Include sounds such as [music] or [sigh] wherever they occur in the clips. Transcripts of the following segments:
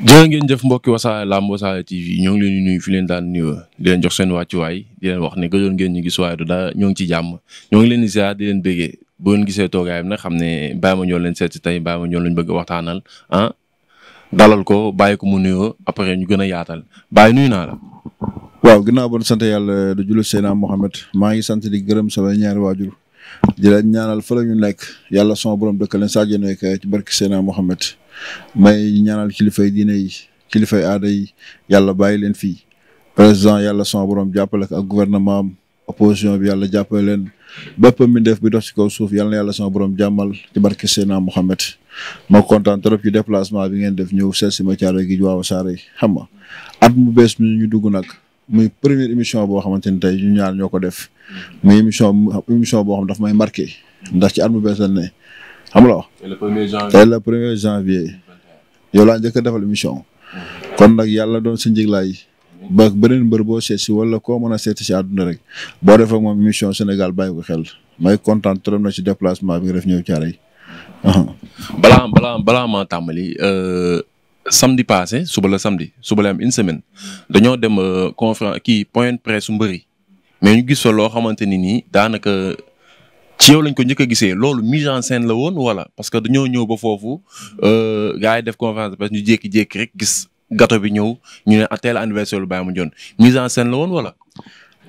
jërë ngeen jëf mbokki wasaare làmb wasaare TV ñoo ngi leen di nuyu fi leen daan nuyoo di leen jox seen waay di leen wax ne gëjoon ngeen ñu gis waaye du dara ñoo ngi ci jàmm ñoo ngi leen di a di leen bëggee boo leen gisee toogaayam nag xam ne bàyyi ma ñoo leen seet si tey bàyyi ma ñoo leen bëgg waxtaanal ah dalal ko bàyyi ko mu nuyoo après ñu gën a yaatal bàyyi nuyu naa la. waaw ginnaaw bon sant yàlla du jullit Seydina Mohamed maa ngi sant di gërëm sama ñaari waajur di leen fa la nekk yàlla sama borom dëkk leen ci barki Seydina Mohamed may ñaanal kilifay diine yi kilifay aada yi yàlla bàyyi leen fii président yàlla son borom jàppale ko ak gouvernement am opposition bi yàlla jàppale leen bépp mbindeef bi dox ci kaw suuf yàlla na yàlla son borom jàmmal ci barke Seydina Mohamed ma kontaan trop ci déplacement bi ngeen def ñëw seet si ma caaro gi waaw saare yi xam nga at mu bees mi ñu dugg nag muy premier émission boo xamante ni tey ñu ñaar ñoo ko def muy émission émission boo daf may marqué ndax ci at mu bees la xam nga. le premier la tey le premier janvier. yow laa njëkk defal émission. Mhm. kon nag yàlla doon si njëglaay. ba beneen mbër boo seet si wala koo mën a seet si àdduna rek boo defee moom émission Sénégal bàyyi ko xel may kontaan trop na si déplacement bi nga def ñëw caare yi. balaa ma tàmbali euh, samedi passé suba la samedi suba la am une semaine mhm. dañoo dem euh, conférence kii point presse mbëri mais ñu gis fa loo xamante nii daanaka. ci yow lañ ko njëkk a gisee loolu mise en sen la woon wala parce que dañoo ñëw ba foofu euh, gaa yi def conférence parce que ñu jékki-jékki rek gis gato bi ñëw ñu ne teel anniversaire lu Baye Mandione mise en sen la woon wala.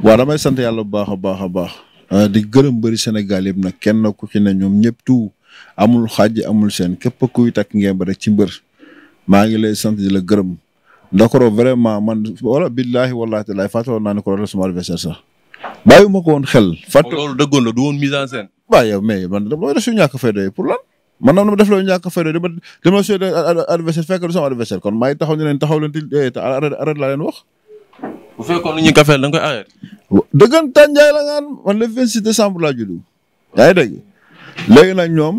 waaw damay sant yàlla bu baax a baax a baax euh, di gërëm bëri Sénégal yëpp nag kenn ku ci ne ñoom ñëpp tu amul xaaj amul seen képp kuy takk ngemb rek ci mbër maa ngi lay sant di la gërëm. Ndakoro vraiment man wala billaahi wallaahi taalaa fàtte woon naa ne ko la sama anniversaire sax. bàyyi ma ko woon xel. fàtte loolu dëggoon la du woon mise en scène. waaw yow man dama war a suñu ñàkk fay doy pour lan man dama def loolu ñàkk fay doy dama dama suy adversaire fekk du sama adversaire kon maa ngi taxaw ne leen taxaw leen te arrêté laa leen wax. bu fekkoon lu ñuy kafee da koy arrêté. dëggantaan Ndiaye la ngaan yaa ngi dégg léegi nag ñoom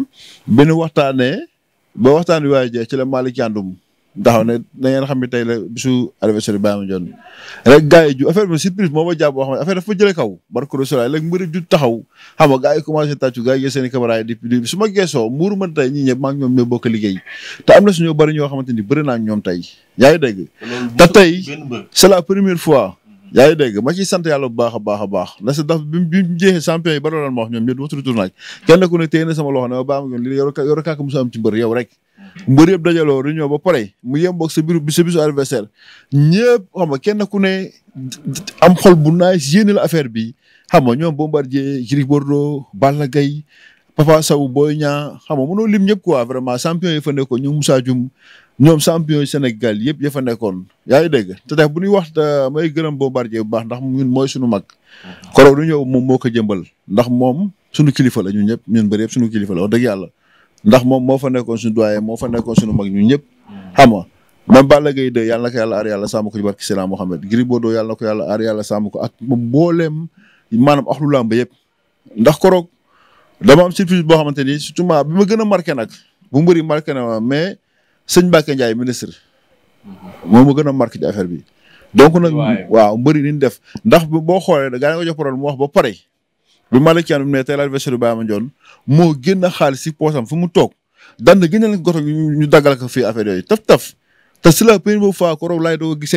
bi ñu waxtaanee ba waxtaan bi waaye jeex ci la Malick Yandoum taxaw ne na ngeen xam ne tey la bisu anniversaire bi Baye Mandione rek gars yi ju affaire bi surprise moo ma jàpp boo xam ne affaire dafa jëlee kaw barko Rasulullah léegi mbir ju taxaw xam nga gars yi commencé tàccu gars yi seen i caméra yi di su ma geesoo muuru man tey ñii ñëpp maa ngi ñoom ñoo bokk liggéey te am na suñu bëri ñoo xamante ni bëri naa ñoom tey yaa ngi dégg te tey c'est la première fois yaa ngi dégg ma ciy sant yàlla bu baax a baax a baax na sa daf bi mu jeexee champion yi ba doon ma wax ñoom ñëpp ma tudd tournage kenn ku ne téye na sama loxo ne ma baax ma li yor yor kàkk musu am ci mbër yow rek mbër yëpp dajaloo réunion ba pare mu yem boog sa biir sa bisu adversaire ñëpp xam nga kenn ku ne am xol bu naay yéene la affaire bi xam nga ñoom Bombardier Gris Bordeaux Balla Gaye Papa Sow Boy Niang xam nga mënoo lim ñëpp quoi vraiment champion yi fa nekkoon ñoom Moussa Dioum ñoom champion yi Sénégal yëpp ya fa nekkoon yaa ngi dégg te tax bu ñuy wax may gërëm Bombardier bu baax ndax ñun mooy suñu mag. koroog du ñëw moom moo ko jëmbal ndax moom suñu kilifa la ñun ñëpp ñun bëri yëpp suñu kilifa la wax dëgg yàlla ndax moom moo fa nekkoon suñu doyen moo fa nekkoon suñu mag ñun ñëpp xam nga même Balla Gaye 2 yàlla na ko yàlla aar sàmm ko ci barki Seydina Mohamed Gris Bordeaux yàlla na ko yàlla aar yàlla sàmm ko ak mbooleem maanaam axlu làmb yëpp ndax koroog dama am surprise boo xamante ni surtout bi ma gën a marqué nag bu mbëri marqué na sëñ Mbacke Ndiaye ministre. moom ma gën a marqué ci affaire bi. donc nag waaw mbëri ni ñu def ndax boo xoolee da nga ko jox parole mu wax ba pare. bi Malick Thiam ne tey l'adversaire Baye Mandione moo a xaalis si poosam fu mu toog dan na génne leen goto ñu daggal ko fii affaire yooyu taf taf. te si la gisee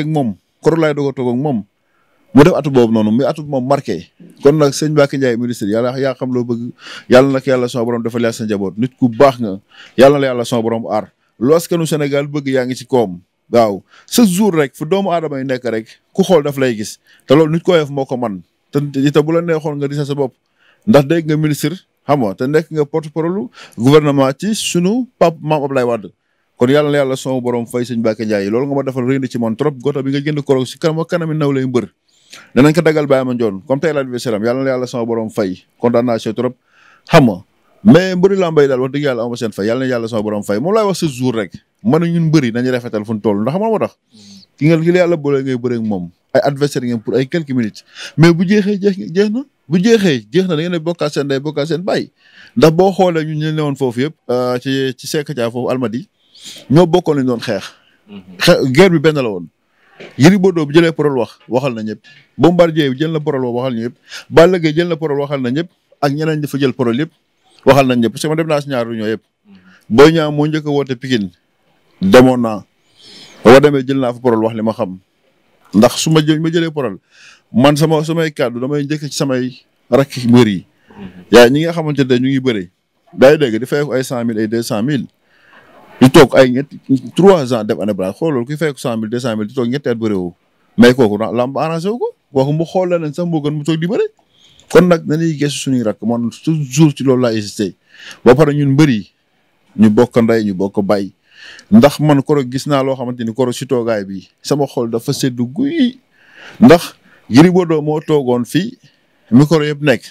moom koroog laay doog a toog moom mu def atu boobu noonu muy atu moom marqué kon nag sëñ Mbacke Ndiaye ministre yàlla yaa xam loo bëgg yàlla nag yàlla son borom dafa leer sa njaboot nit ku baax nga yàlla la yàlla son borom aar. lu askanu Sénégal bëgg yaa ngi ci koom waaw chaque jour rek fu doomu adama yi nekk rek ku xool daf lay gis te loolu nit ko def moo ko man te te bu la neexoon nga di sa sa bopp ndax dégg nga ministre xam nga te nekk nga porte parole gouvernement ci sunu pap maam Ablaye Wade kon yàlla na yàlla son borom fay sëñ Mbacke Ndiaye loolu nga ma defal ci man trop gota bi nga génn koroog si kanam kanami naw lay mbër danañ ko dagal bàyyi ma njoon comme tey laa di salaam yàlla na yàlla son borom fay kontaan trop xam nga mais mbëri la mbay daal wax dëgg yàlla ama seen fay yàlla na yàlla sama borom fay moom laay wax sa jour rek man ñun mbëri nañu rafetal fu ñu toll ndax moo tax ki nga ki la yàlla boole ngay bëre ak moom ay adversaire ngeen pour ay quelques minutes mais bu jeexee jeex jeex na bu jeexee jeex na da ngeen ne bokkaat seen day bokkaat seen bàyyi ndax boo xoolee ñun ñu woon foofu yëpp euh, ci ci Seck Dia foofu Almadi ñoo bokkoon lañ doon xeex mhm. xeex guerre bi benn la woon Gris Bordeaux bu jëlee parole wax waxal na ñëpp Bombardier bi jël na parole wax waxal na ñëpp Balla Gaye jël na parole waxal na ñëpp ak ñeneen dafa jël parole yëpp waxal nañ ñëpp parce ma dem naa ñaar ñoo yëpp Boy Niang moo njëkk a woote Pikine demoon naa ba ma demee jël naa fa parole wax li ma xam ndax su ma jë ma jëlee parole man sama samay kàddu damay njëkk ci samay rakk mbër yi. yaa ñi nga xamante ne ñu ngi bëri. day dégg di fay ko ay cent mille ay deux cent mille di toog ay ñetti trois ans def année blanche xoolal ku fay ko cent mille deux at bëriwoo mais kooku lamb arrangé wu ko kooku mu sax moo mu toog di bëri. kon nag dañuy gëstu suñuy rakk man toujours ci loolu laa insisté ba pare ñun mbëri ñu bokk nday ñu bokk bay ndax man koro gis naa loo xamante ni koro si toogaay bi sama xool dafa sedd guy ndax Gris Bordeaux moo toogoon fii micro yëpp nekk.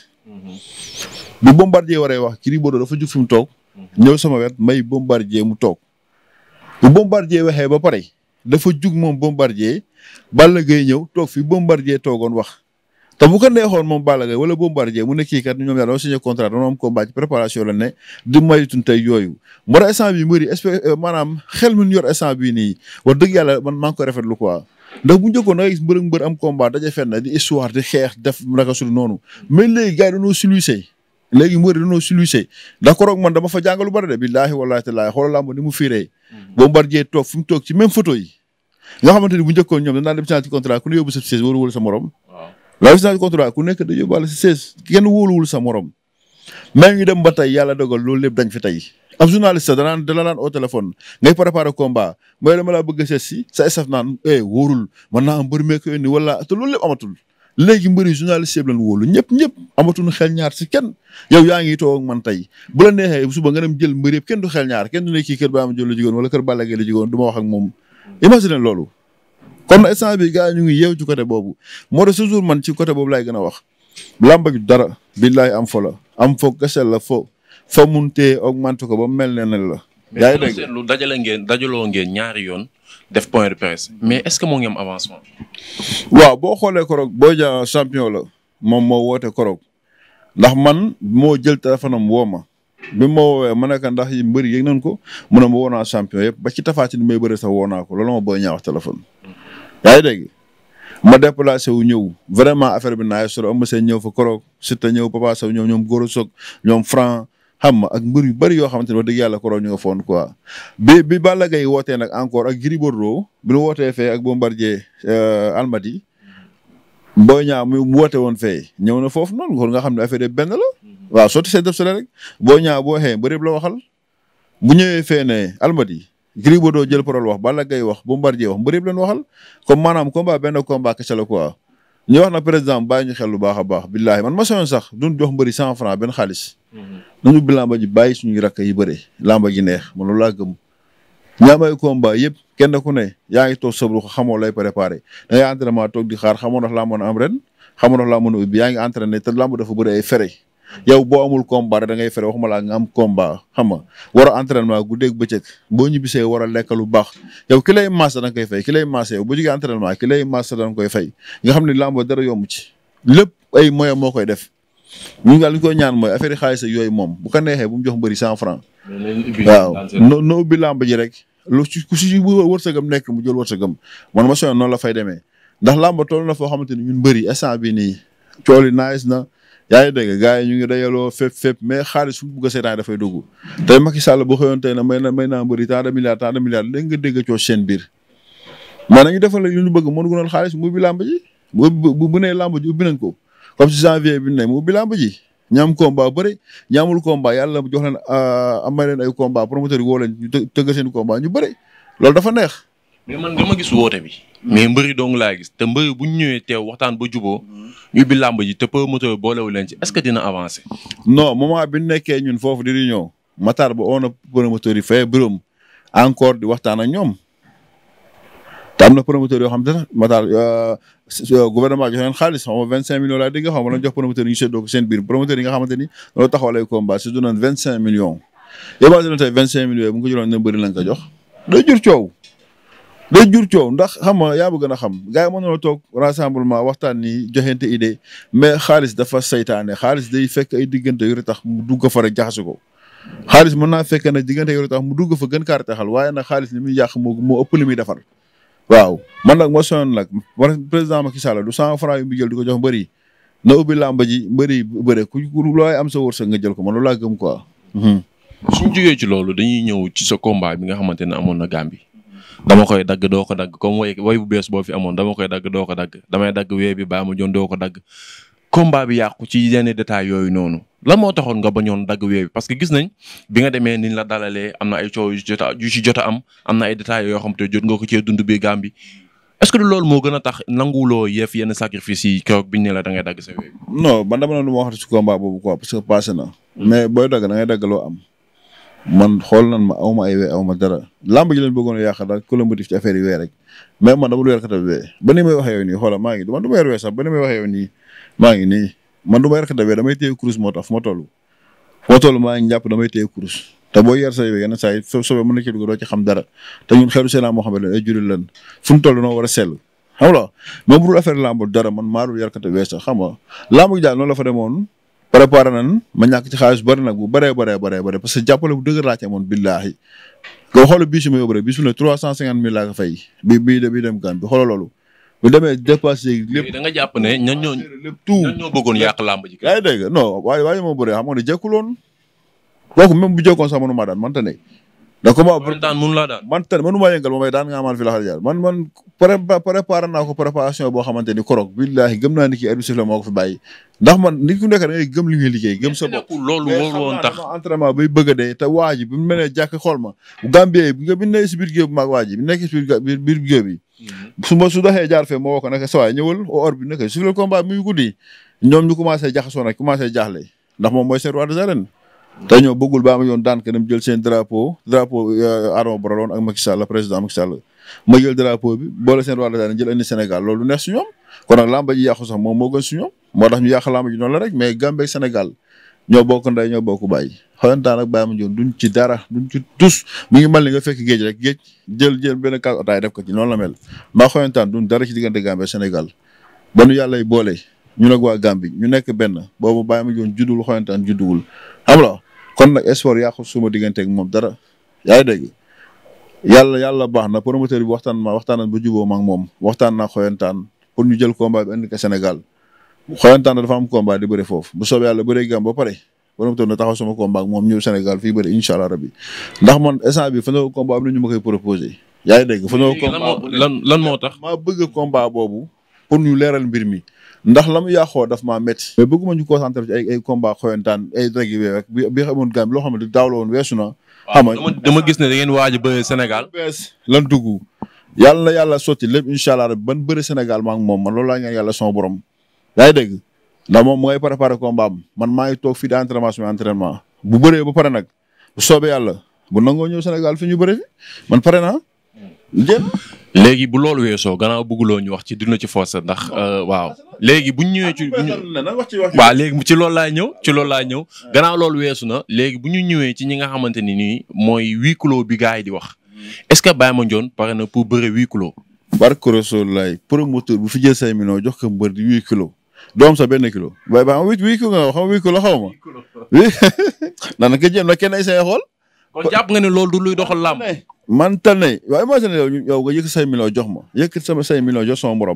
bu Bombardier waree wax Gris Bordeaux dafa jug fi mu toog. ñëw sama wet may Bombardier mu toog. bu Bombardier waxee ba pare dafa jug moom Bombardier Balla Gaye ñëw toog fi Bombardier toogoon wax. te bu ko neexoon moom Balla Gaye wala Bombardier mu ne kii kat ñoom daal dañoo signé contrat dañoo am combat ci préparation la ne di maytun tey yooyu moo tax instant bi mbëri espèce euh, maanaam xel mi ñu yor instant bii nii wax dëgg yàlla man maa ngi koy rafetlu quoi ndax bu njëkkoon da ngay gis mbër ak mbër am combat daje noonu mais léegi gars yi dañoo silusé léegi mbër dañoo silusé ndax koroog man dama fa jàngalu bari de billaahi wallaahi tallaahi xoolal làmb ni mu fiiree mm-hmm. Bombardier toog fi mu toog ci même photo yi nga xamante ni bu njëkkoon ñoom danaa sa morom la résilience a ku nekk da yóbbaale si seize kenn wóoluwul sa morom même ñu dem ba tey yàlla dogal loolu lépp dañ fi tey am journaliste sax danaan dala naan au téléphone ngay préparé komba mooy dama laa bëgg a seet sa staff naan eh wóorul mën naa am mbëri wala te lool lépp amatul léegi mbëri journaliste yëpp lañ wóolu ñëpp ñëpp amatuñu xel ñaar si kenn yow yaa ngi toog man tey bu la suba nga dem jël mbëri yëpp kenn ñaar kenn du ne kii kër Baama Jóob la jógoon wala loolu kon instant bi gars yi ñu ngi yeew ci côté boobu moo tax toujours man ci côté boobu laay gën a wax làmba ju dara billaay am fo la am fo gasel la fo fa mun og augmenté ko ba mel ne na la yaa ngi dégg lu dajale ngeen dajaloo ngeen ñaari yoon def point de mais est ce que moo ngi am avancement waaw boo xoolee koroog Boy Dia champion la moom moo woote koroog ndax man moo jël téléphone am woo ma bi ma woowee ma ndax yi mbëri yëg nañ ko mu ne ma woo naa champion yëpp ba ci tafaatin may bëri sax woo naa ko loolu ma Boy téléphone yaa ngi dégg ma déplacé wu ñëw vraiment affaire bi naay sur Eumeu ñëw fa Korok Siteu ñëw Papa Sow ñëw ñoom Goro Sock ñoom Franc xam ma ak mbër yu bëri yoo xamante ne wax yàlla Korok ñu nga foon quoi. bi bala Balla Gaye wootee nag encore ak Gris Bordeaux bi nu wootee fee ak Bombardier euh, Almadi Boy Niang mu woote woon fee ñëw na foofu noonu kon nga xam ne affaire benn la. Mm-hmm. waaw sotti see def si rek Boy Niang boo xee bëri waxal bu ñëwee fee ne Almadi Gris Bordeaux jël parole wax Balla Gaye wax Bombardier wax mbër yëpp leen waxal comme maanaam combat benn combat kese la quoi ñu wax na président bàyyi ñu xel lu baax a baax billaahi man ma soñoon sax duñ jox mbëri cent franc benn xaalis mhm. nañu bi lamba ji bàyyi suñuy rakk yi bëri lamba ji neex man loolu laa gëm ñaamay combat yëpp kenn ku ne yaa ngi toog sabru ko xamoo lay préparé da ngay entraînement toog di xaar xamoo ndax laa mën a am ren xamoo ndax laa mën a ubbi yaa ngi entraîné te lamb dafa bëri ay fere yow boo amul combat rek da ngay fere waxuma laa nga am combat xam nga war a entraînement guddeeg bëccëg boo ñibbisee war a lekk lu baax yow ki lay masse da nga koy fay ki lay masse yow bu jógee entraînement ki lay masse da nga koy fay nga xam ne làmb dara yomb ci lépp ay moyens moo koy def ñu daal li ñu koy ñaan mooy affaire xaalis yooyu moom bu ko neexee bu mu jox mbëri cent franc. waaw no no ubbi làmb ji rek. lu ci ku ci wërsëgam nekk mu jël wërsëgam man ma soxla noonu la fay demee ndax làmb toll na foo xamante ni ñun mbëri instant bi nii cool yi naaj na yaa ngi dégg gars yi ñu ngi dajaloo fépp fépp mais xaalis fu mu bugg a seetaan dafay dugg tey Macky Sall bu xëyoon tey na may na may naa mbëri tant de milliards tant de milliards léegi nga dégg coow seen biir mais nañu defal li ñu bëgg mënu ko noon xaalis mu bi làmb ji bu bu bu nee ubbi nañ ko comme si janvier bi ne mu ubbi làmb ji ñi am combat bëri ñi amul combat yàlla jox leen euh, amay leen ay combat promoteur yi woo leen ñu tëgg seen combat ñu bëri loolu dafa neex mais man nga ma gis te mi mais mbëri dong laa gis te mbëri bu ñu ñëwee teew waxtaan ba juboo ñu ubbi làmb ji te promoteur boolewu leen ci est-ce que dina avancer. non moment bi nekkee ñun foofu di réunion Matar ba oo na promoteur yi fay bureau encore di waxtaan ak ñoom te am na promoteur yoo xam te sax Matar euh, euh, gouvernement joxe leen xaalis xaw ma vingt jox promoteur vingt cinq millions. yow maa ngi leen tey vingt ko jëloon ne mbëri lañ jox day jur coow. de jur coow ndax xam nga yaa bëgg a xam gars yi mën na toog rassemblement waxtaan ni joxente idée mais xaalis dafa saytaane xaalis day fekk ay diggante yu tax mu dugg fa rek jaxase ko. xaalis mën naa fekk nag diggante yu tax mu dugg fa gën kaar taxal waaye nag xaalis li muy yàq moo moo ëpp li muy defar. waaw man nag moo sonn nag président Macky Sall du cent franc yu mu jël di ko jox bari na ubbi làmba ji mbër yi bëre ku looy am sa wërsëg nga jël ko man loolu laa gëm quoi. Hmm. suñu jógee ci loolu dañuy ñëw ci sa combat bi nga xamante ne amoon na Gambie dama koy dagg doo ko dagg comme way way bu bees boo fi amoon dama koy dagg doo ko dagg damay dagg wee bi baa ma joon doo ko dagg combat bi yàqu ci yenn détails yooyu noonu lan moo taxoon nga bañoon dagg wee bi parce que gis nañ bi nga demee niñ la dalalee am na ay coow jot yu ci jot am am na ay détails yoo xam te jot nga ko cee dund bi Gàmbi est-ce que loolu moo gën a tax nanguloo yëf yenn sacrifice yi keroog biñ ne la da dagg sa wee bi. non man dama ne lu ma wax ci combat boobu quoi parce que passé na. Hmm. mais booy dagg da ngay dagg loo am. man xool nan ma aw ma ay we aw dara làmb ji leen a yàq daal ku la motif ci affaire yi wee rek mais man dama lu weer xatal wee ba ni may waxee yow nii xoolal maa ngi du ma weer wee sax ni may waxee yow nii maa kurus moo tax fu ma toll fu ma toll maa da jàpp damay téye kurus te boo yar say wee yenn saa yi soo soobee ci dugg xam dara te ñun xeetu seenaa moo xam ne ay jullit lan fu mu toll noo war a sell xam nga même dara man maa dul yar xatal wee sax xam nga làmb ji daal la fa demoon préparé nan ma ñàkk ci xaalis bari nag bu bëree bëree bëree bëri parce que jàppale bu dëgër laa ci amoon billaahi nga xool bii su ma yóbbu rek trois cent mille laa ko fay bi bii de gan bi xoolal loolu bu demee dépassé lépp da nga jàpp ne ñan ñoo lépp tout ñan ñoo bëggoon yàq làmb ji yaa ngi dégg non waaye waaye moo bëree xam nga ne jekkuloon kooku même bu jekkoon sax mënu maa daan man te ndax combat bu daan man tan mënu maa yëngal moom daan fi la jaar man man préparé naa ko préparation boo xamante ni korog billaahi gëm naa fi bàyyi ndax man nit ku nekk da ngay gëm li ngay liggéey gëm sa bopp loolu wóor woon tax bay bëgg a dee te waa ji bi jàkk xool ma Gambie bi nga bi nekk si biir waa ji bi bi mhm. su ma su doxee jaar fee ma woo ko naka o waay ñëwal au or muy guddi ñoom ñu commencé jaxasoo nag commencé jaaxle ndax moom mooy seen roi des arènes te ñoo bëggul ba am yoon daan ke dem jël seen drapeau drapeau euh, Adama Barrow loon ak Macky Sall président Macky Sall ma jël drapeau bi boole seen roi de l'arène jël indi Sénégal loolu lu neex su ñoom kon nag làmba ji yàqu sax moom moo gën su ñoom moo tax ñu yàq làmba ji noonu la rek mais Gambie ak Sénégal ñoo bokk ndey ñoo bokk bàyyi xoyantaan ak bàyyi ma joon ci dara duñ ci tus mu ngi mel ni nga fekk géej rek géej jël jël benn kaas otaay def ko ci noonu la mel maa xoyantaan duñ dara ci diggante Gambie Sénégal ba nu yàlla boole ñu nag waa Gambie ñu nekk benn boobu bàyyi ma joon juddul xoyantaan judduwul xam la kon nag espoir yàqu suma digganteeg moom dara yaa ngi dégg yàlla yàlla baax na promoteur bi waxtaan ma waxtaan ba juboo ma ak moom waxtaan naa xoyantaan pour ñu jël combat bi indi ko Sénégal xoyantaan dafa am combat di bëri foofu bu soobee yàlla bëree gam ba pare promoteur na taxaw suma combat ak moom ñëw Sénégal fii bëri incha allah rabbi ndax man instant bi fa nga combat am na ñu ma koy proposé yaa ngi dégg fa nga combat lan moo tax ma bëgg kombaa boobu pour ñu leeral mbir mi ndax la mu yàqoo daf maa métti mais bëgguma ñu concentré ci ay ay combat bi xamoon gam loo xam ne du daaw la woon weesu dama gis ne da ngeen waaj a bëri Sénégal bees lan dugg yàlla na yàlla sotti lépp incha allah rek ban bëri Sénégal maa ngi moom man loolu laa ñaan yàlla sama borom yaa ngi dégg ndax moom mu ngay préparé combat am man maa ngi toog fii di entraînement suñu entraînement bu bëree ba pare nag bu soobee yàlla bu nangoo ñëw Sénégal fi ñu bëri man pare naa jël léegi bu loolu weesoo ganaaw gannaaw loo ñu wax ci dina ci force ndax euh, waaw léegi buñ ñëwee ci ah, waaw léegi ci loolu laa ñëw ci loolu laa ñëw gannaaw loolu weesu na léegi bu ñu ñëwee ci ñi nga xamante ni nii mooy huis clos bi gars yi di wax hmm. est-ce que Baye Mandione pare na pour bëre huis clos barke Rasulullah promoteur bu fi jël say millions jox ko mbër di huis clos doom sa benn kilo bay ba huit huit kilo nga xam huit kilo xaw ma [laughs] nana ko jëm na kenn say xool kon jàpp nga luy doxal làmb. man tane waaye imagine yow yow nga yëkkat say millions jox ma yëkkat sama say millions jox sama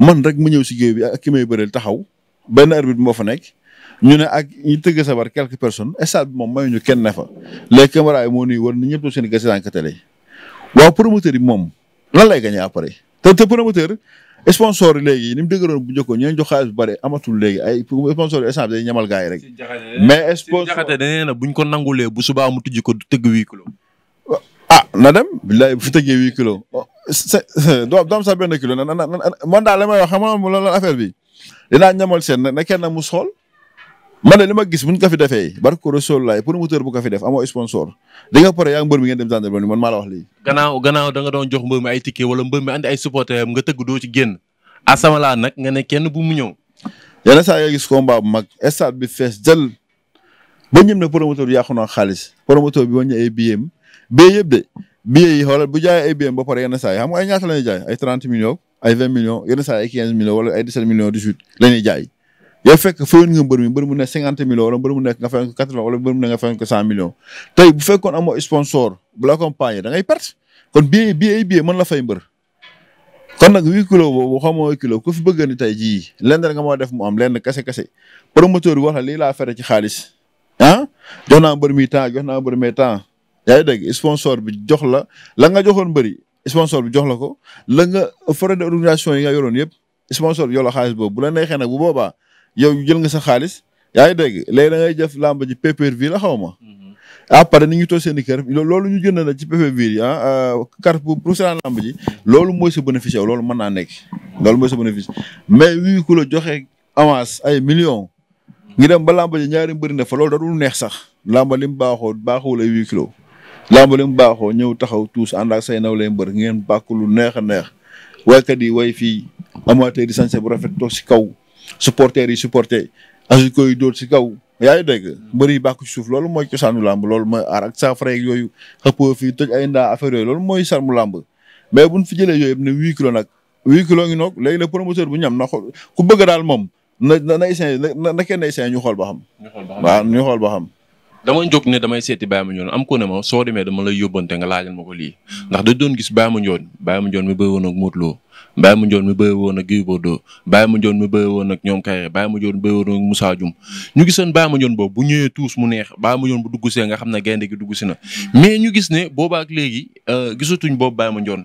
man rek mu ñëw si géew bi ak ki may bëreel taxaw benn arbitre moo fa nekk. ñu ne ak ñi tëgg sabar quelques personnes stade bi moom mayuñu kenn ne fa les caméras yi moo nuy war na ñëpp doon seen gëstu daan ko télé waaw promoteur yi moom lan lay gagné après te te promoteur sponsor yi léegi ni mu dëgëroon bu njëkkoon ñooñu jox xaalis bu bëri amatul léegi ay sponsor yi échange day ñamal gars rek. Eh, mais sponsor jaxate nee na buñ ko nangule bu subaa mu tëjji ko du tëgg huit kilos. ah na dem billaay bu fi tëggee huit kilos oh, [laughs] doo am sax benn kilo na na man daal la may wax xam nga loolu affaire bi dinaa ñamal seen na kenn mu sool man de li ma gis buñ ko fi defee barke ko Rasul bu kafi fi def amoo sponsor di nga pare yaa ngi mbër mi ngeen a gendarmerie man maa nga jox mbër mi ay ticket wala mbër mi andi ay supporter am nga tëgg doo ci génn asamala nag nga ne kenn bu mu ñëw. yenn saa yoo gis combat bu mag stade bi fees jël ba ñëm ne promoteur bi yàqu na xaalis promoteur bi wàññi ay billets am billets yëpp de billets yi xoolal bu jaayee ay billets ba pare yenn ay ñaata la ñuy jaay ay 30 millions ay 20 millions yenn saa ay 15 millions wala jaay yow fek fayoon nga mbër mi mbër mu nekk cinquante millions wala mbër mu nekk nga fayoon ko quatre vingt wala mbër mu nekk tey bu fekkoon amoo sponsor bu la accompagner da ngay perte kon billet billet billet mën la fay mbër kon nag huit kilo boobu xamoo kilo ku fi bëgg ni tey jii lenn rek nga moo def mu am lenn kese kese promoteur bi wax la lii laa fere ci xaalis ah jox naa mbër mi temps jox naa mbër temps yaa ngi dégg sponsor bi jox la la nga joxoon mbëri sponsor bi jox la ko langa nga frais d'organisation yi nga yoroon yëpp sponsor bi jox la xaalis boobu bu la neexee nag bu boobaa yow jël nga sa xaalis yaa ngi dégg léegi da ngay def làmb ji pay-per-view la xaw ma. Mhm. après ah, ni ñu toog seen i kër loolu ñu jënd na ci pay-per-view yi ah, ah carte pour pour ji. Mhm. loolu mooy sa bénéfice yow loolu mën naa nekk. loolu mooy sa bénéfice mais wi ku la joxe avance ay millions. ngi mhm. dem ba làmb ji ñaari mbëri ne fa loolu da dul neex sax lamba li mu baaxoo baaxul ay huit kilos làmb li mu baaxoo ñëw taxaw tuus ànd ak say naw lay mbër ngeen bàkk lu neex a neex waykat yi way fii amateur di sañse bu rafet si kaw supporters yi supporter Azuko yi dóor si kaw. yaa ngi dégg mbër yi bàkku ci suuf loolu mooy cosaanu làmb loolu mooy aar saafara yeeg yooyu xëppoo fii toj ay ndaa affaire loolu mooy sarmu làmb mais buñ fi jëlee yooyu yëpp ne huit kilos nag huit kilos ngi noog léegi nag promoteur bu ñam na ko ku bëgg daal moom na na nay seen na na kenn nay seen ñu xool ba xam. ñu xool ba xam xool ba xam. dama jóg ne damay seeti Baye Mandione am ko ne ma soo demee dama lay yóbbante nga laajal ma ko lii ndax da doon gis Baye Mandione Baye Mandione mi bëri woon ak Modou Lo Baye Mandione mi bëri woon ak Gris Bordeaux Baye Mandione mi bëri woon ak ñoom Kayre Baye Mandione bëri woon ak Moussa Dioum ñu gisoon Baye Mandione boob bu ñëwee tuus mu neex Baye Mandione bu dugg see nga xam ne gaynde gi dugg si na mais ñu gis ne boobaak ak léegi euh, gisatuñ boobu Baye Mandione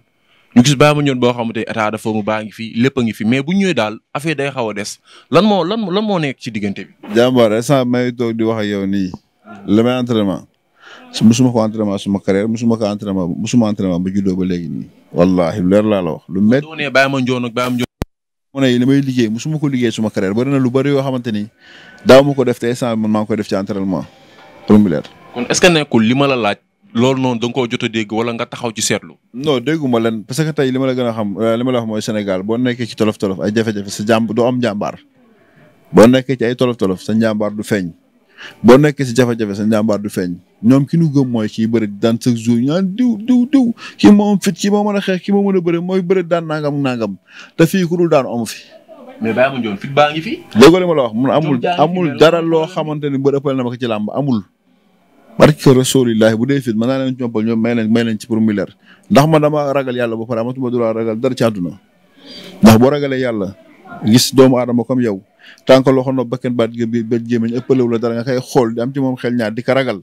ñu gis Baye Mandione boo xamante état de forme baa ngi fi lépp a ngi fi mais bu ñëwee daal affaire day xaw des lan moo lan lan moo nekk ci diggante bi. jàmbaar may toog di wax a yow nii le même entraînement musuma ko entraînement suma carrière musuma ko entraînement musuma entraînement ba juddoo ba léegi nii. wallaahi lu leer laa la wax lu métti. mu ne bàyyi ma njoon ak bàyyi ma njoon. mu ne li may liggéey musuma ko liggéey suma carrière bari na lu bari yoo xamante ni daaw ma ko def te instant man maa ngi koy def ci entraînement. loolu leer. kon est-ce que nekkul li ma la laaj. loolu noonu da nga koo jot a dégg wala nga taxaw ci seetlu. non dégguma leen parce que tey li ma la gën a xam euh, li ma la wax mooy Sénégal boo nekkee ci tolof tolof ay jafe-jafe sa jàmb doo am njàmbaar boo nekkee ci ay tolof tolof sa njàmbaar du feeñ boo nekkee si jafe-jafe sa njàmbaar du feeñ ñoom ki ñu gëm mooy kii bëri daan chaque jour ñu naan diw diw diw kii moom fit kii moo mën a xeex kii moo mën a bëri mooy bëri daan nangam nangam te fii ku dul daan amu fi. mais bàyyi ma njoon fit baa ngi fi. déggoo li ma la wax mun amul amul dara loo xamante ni bëri na ma ko ci làmb amul. barke rasulillahi bu dee fit mën naa leen ñoppal ñoom may leen may leen ci pour mu leer ndax man dama ragal yàlla ba pare amatuma du ragal dara ci àdduna ndax boo ragalee yàlla gis doomu aadama comme yow tànk loxo no bakken baat gi ba jéeméñ ëppalewu la dara nga koy xool di ci moom xel ñaar di ragal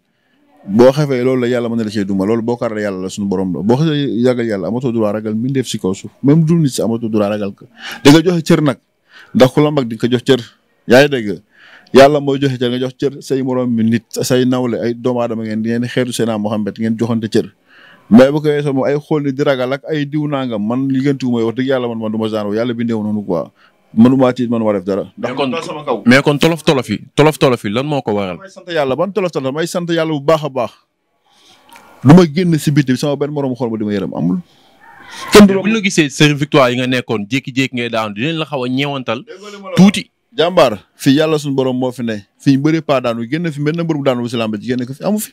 boo xefee loolu la yàlla mën na la cee duma loolu boo ko ragal yàlla la suñu borom la boo xasee ragal yàlla amatoo droit ragal nit di ko jox cër yaa ngi dégg yàlla mooy joxe cër nga jox say morom mi nit say nawle ay doomu aadama ngeen ngeen xeetu seenaa Muhammad ngeen joxante cër mais bu ko weesoo moom ay xool ni di ragal ay diw nangam man li gën tuuma wax dëgg yàlla man man du ma genre yàlla bindee noonu quoi mënumaa tiit mënumaa def dara. ndax kon sama mais kon tolof tolof yi tolof lan moo ko waral. may sant yàlla ban tolof may sant yàlla bu baax a baax. du ma génn si biti sama benn moroom xool ma di ma yërëm amul. kenn du buñ gisee seen victoire yi nga nekkoon jékki-jékki ngay daan di la xaw a ñeewantal tuuti. jàmbaar fii yàlla suñu borom moo fi ne fii ñu bëri paa daanu génn fi benn mbër mu daanuwul si làmba ji génn ko amu fi.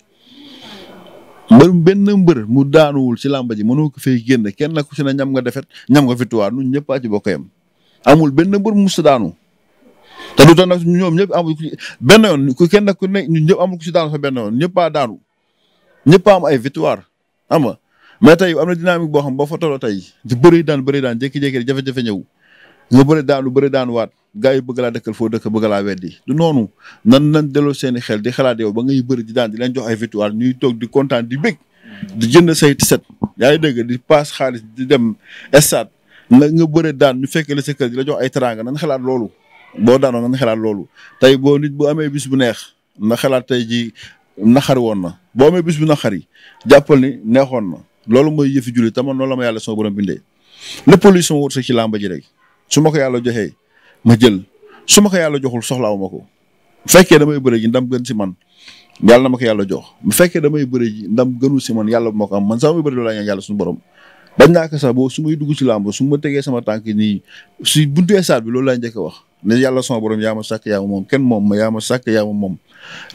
mbër benn mbër mu daanuwul si làmba ji mënoo ko fee génn kenn ku si ne ñam nga defet ñam nga victoire ñun ñëpp a ci bokk yam amul benn mbër mu mus daanu te du tax nag ñoom ñëpp amul benn yoon ku kenn ku ne ñun ñëpp amul ku si daanu fa benn yoon ñëpp a daanu ñëpp am ay victoire xam nga mais tey am na dynamique boo xam boo fa tolloo tey di bëri daan bëri daan jékki-jékki jafe-jafe ñëw nga bëri daanu bëri daan waat gaa yi bëgg laa dëkkal foo dëkk bëgg laa weddi du noonu nan na delloo seeni xel di xalaat yow ba ngay bëri di daan di leen jox ay victoire ñuy toog di kontaan di bég di jënd say set yaa ngi dégg di paas xaalis di dem stade la nga bëre daan ñu fekk la sa kër di la jox ay teraanga nan xalaat loolu boo daanoo nan xalaat loolu tey boo nit boo amee bis bu neex na xalaat tey ji naxar woon na boo amee bis bu naxar yi jàppal ni neexoon na loolu mooy yëfi jullit tam noonu la ma yàlla sama borom bindee lépp luy sama wërsëg ci làmba ji rek su ma ko yàlla joxee ma jël su ma ko yàlla joxul soxlaawu ma ko bu fekkee damay bëre ji ndam gën si man yàlla na ma yàlla jox bu fekkee damay bëre ji ndam gënu si man yàlla bu ma ko am man sax muy bëre loolu laa yàlla suñu borom bañ naa ko sax boobu su may dugg ci làmb su ma tegee sama tànk nii si buntu stade bi loolu laa njëkk wax ne yàlla sama borom yaa ma sàkk yaa ma moom kenn moom ma yaa ma sàkk yaa ma moom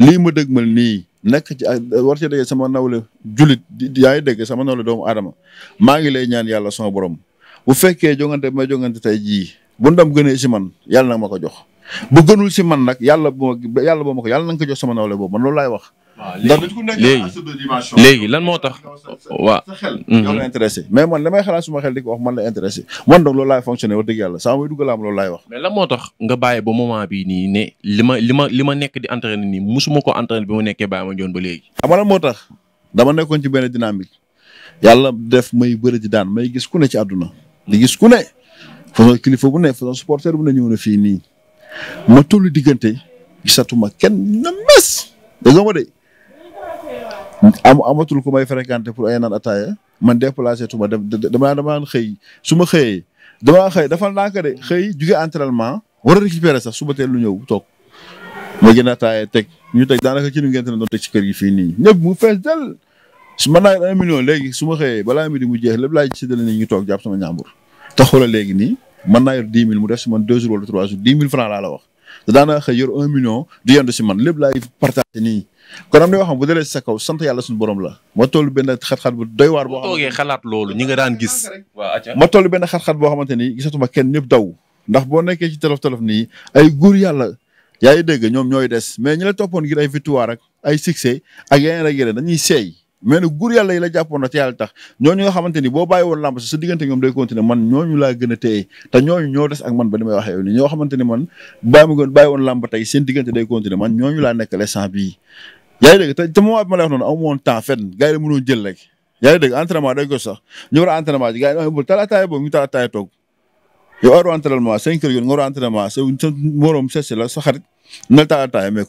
lii ma dëgmal nii nekk ci ah, war ci dëgg sama nawle julit yaa ngi dégg sama nawle doomu aadama maa ngi lay ñaan yàlla sama borom bu fekkee jongante bi ma jongante tey jii bu ndam gënee si man yàlla na ma ko jox bu gënul si man nag yàlla ma boo ma ko yàlla na ko jox sama nawle boobu man loolu laay wax donc léegi léegi lan moo tax waaw. sa xel mhm. yow la intéressé mais man damay xalaat suma xel di ko wax man la intéressé man donc loolu laay fonctionné wax dëgg yàlla saa may dugg laa am loolu laay wax. mais lan moo tax nga bàyyi ba moment bii nii ne li ma li ma li ma nekk di entraîné nii musuma ko entraîné bi ma nekkee bàyyi ma joon ba léegi. xam lan moo tax dama nekkoon ci benn dynamique yàlla def may bëri di daan may gis ku ne ci àdduna. li gis ku ne façon kilifa bu ne façon supporter bu ne ñëw na fii nii ma tollu diggante gisatuma kenn am amatul ku may fréquenté pour ay naan ataaya man déplacé tuma dem damaa damaa xëy suma ma xëyee damaa xëy dafal naa de xëy jugee entraînement war a récupérer sax suba te lu ñëw toog ma gën a ataaya teg ñu teg daanaka ci nu ngeen doon teg ci kër gi fii nii ñëpp mu fees dell su mën naa un million léegi su ma xëyee balaa midi mu jeex lépp laay séddale ni ñu toog jàpp sama ñaambur te xoolal léegi nii mën naa dix mille mu def si man deux jours wala trois jours dix mille franc la wax da daanaka xëy yor un million du yendu si man lépp laay partagé nii kon am na yoo xam bu dalee sa kaw sant yàlla suñu borom la ma tollu benn xat-xat bu doy waar boo toogee xalaat loolu ñi nga daan gis ma toll benn xat boo xamante ni gisatuma kenn ñëpp daw ndax boo nekkee ci tolof-tolof nii ay góor yàlla yaa ngi dégg ñoom ñooy des mais ñu la toppoon ngir ay victoire ak ay succès ak yeneen ak yeneen dañuy seey mais nag guur yàlla yi la jàppoon na ci yàlla tax ñooñu nga xamante ni boo bàyyi woon làmb sa diggante ñoom day continuer man ñooñu laa gën a téye te ñooñu ñoo des ak man ba ni may waxee yow man bàyyi ma gën bàyyi seen diggante day continuer man ñooñu laa nekk l'instant bii yaa ngi dégg te ma lay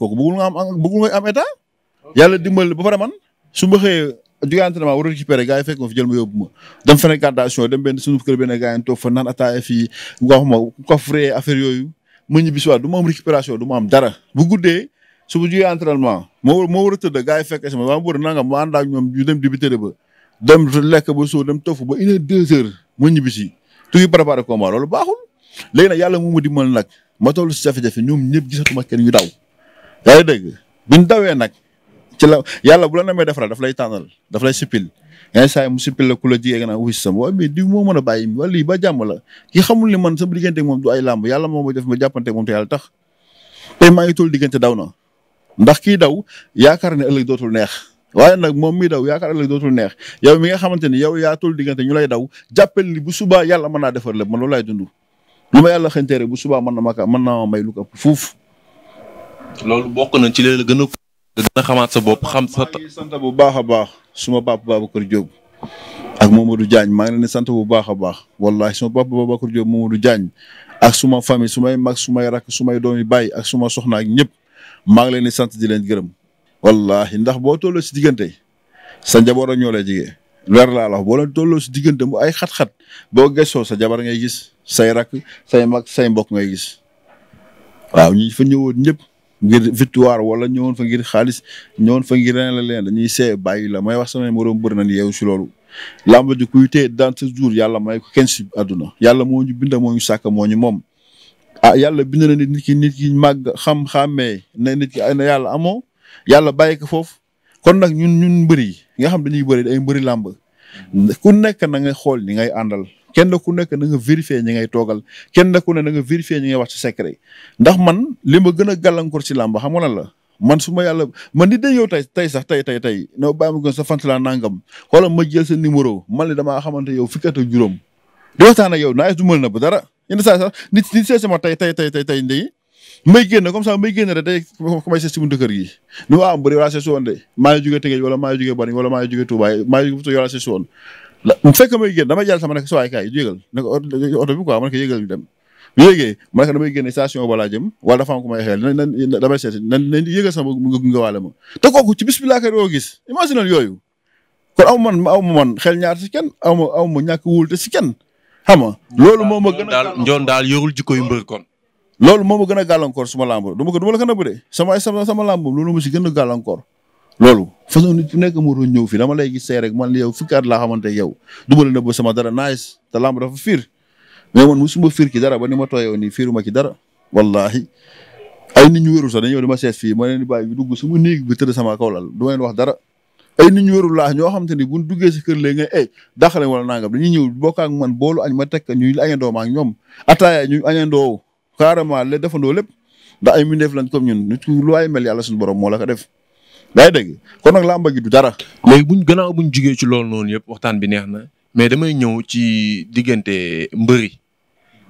wax noonu am bëggul nga am ba pare man su ma xëyee jugee entraînement war a récupéré gars yi fekk ma fi jël ma yóbbu ma dem fréquentation dem benn suñu kër benn gars yi toog ma coffre affaire yooyu ma ñibbi si waat du ma am du ma am dara bu guddee su ma jugee entraînement moo moo war a tëdd gars yi fekk si ma maa bëri nangam ma ànd ak ñoom ñu dem débuté ba dem lekk ba soo dem tofu ba une heure deux heures ma ñibbi si tuuti préparé combat loolu baaxul léegi nag yàlla moomu di mën nag ma toll si jafe-jafe ñoom ñëpp gisatuma kenn ñu daw yaa ngi dégg buñ dawee nag ci la yàlla bu la namee defaral daf lay tànnal daf lay sippil la ku la jigéen nga naan wuy sam waaye mais di moo mën a bàyyi wala lii ba jàmm la ki xamul ni man sama diggante moom du ay làmb yàlla moo ma def ma jàppante te yàlla tax tey maa ngi toll diggante daw na ndax kii daw yaakaar ne ëllëg dootul neex waaye nag moom mi daw yaakaar ëllëg dootul neex yow mi nga xamante ni yow yaa toll diggante ñu lay daw jàppal li bu subaa yàlla mën naa defar la ma loolu laay dund lu ma yàlla xënteere bu subaa mën na ma mën naa may lu ko fuuf loolu bokk na ci leen gën a te xamaat sa bopp xam sa. maa ngi bu baax a baax suma papa Babacar Diop ak Mamadou Diagne maa ngi leen di sant bu baax a baax wallaahi suma papa Babacar Diop Mamadou Diagne ak suma famille sumay mag sumay rakk sumay doomi baay ak suma soxna ak ñëpp maa ngi leen di sant di leen gërëm. wallaahi ndax boo tolloo si diggante sa njaboot ak ñoo lay jigee leer laa la boo leen tolloo si diggante mu ay xat-xat boo gëstoo sa jabar ngay gis say rak say mak say mbokk ngay gis waaw ñi fa ñëwoon ñëpp. ngir victoire wala ñëwoon fa ngir xaalis ñëwoon fa ngir leneen la da dañuy see bàyyi la may wax sama moroom bëri na yeewu si loolu. làmb ji kuy téye dans ce jour yàlla may ko kenn si àdduna yàlla moo ñu bind moo ñu sàkk moo ñu moom. ah yàlla bind na nit ki nit ki màgg xam-xàmmee ne nit ki na yàlla amoo yàlla bàyyi ko foofu kon nag ñun ñun mbëri yi nga xam dañuy bëri ay mbëri làmb ku nekk na nga xool ni ngay àndal kenn ku nekk na nga vérifier ñi ngay toogal kenn ku ne na nga vérifier ñi ngay wax ci secret ndax man li ma gën a gàllankoor si làmb xam nga lan la man su ma yàlla man nit day yow tey tey sax tey tey tey no bàyyi ma gën sa fant laa nangam xoolal ma jël sa numéro man li damaa xamante yow fukki juróom di waxtaan na yow naaj du mën na ba dara yenn saa sax nit nit see tey tey tey tey tey ndey may génn comme ça may génn rek day commencé si buntu kër gi ni ma am bëri yoraa seet si woon de maa ngi jógee Tëngéej wala maa bu fekkee may génn damay jàll sama nekk si waay kaay yégal ne ko oto bi quoi ma ne ko yégal ñu dem bu yégee ma ne damay génne station wala dafa am ku may xel na na damay gunge waale ma te kooku ci bis bi laa koy doo gis imagine yooyu kon aw ma man xel ñaar si kenn aw ma aw ma ñàkk wóolte si kenn xam nga loolu moom ma gën a daal daal yorul jikko yu mbër kon moo ma a gàllankoor suma làmb du ma ko du ma la ko de sama sama sama làmb loolu ma si gën a gàllankoor loolu façon nit ku nekk mu doon ñëw fii dama lay gis see rek man yow fukki at laa xamante yow du ma la nëbb sama dara nice te lamb dafa fiir mais man musuma fiir ki dara ba ni ma tooyoo nii ma ci dara wallahi ay nit ñu wérul sax dañoo di ma seet fii ma leen di bàyyi ñu dugg sama néeg bi tëdd sama kaw lal du ma wax dara ay nit ñu wérul laa ñoo xamante ni buñ duggee si kër léegi nga ay eh, daxale wala nangam dañuy ñëw bokk ak man boolu añ ma teg ñu añandoo ma ak ñoom ataaya ñu añandoo carrément le defandoo lépp ay mbindeef lañ comme ñun nit ku lu ay mel yàlla suñu borom moo la ko def yaa ngi dégg kon nag làmba gi du dara. léegi buñ gannaaw buñ jigee ci loolu noonu yëpp waxtaan bi neex na mais damay ñëw ci diggante mbëri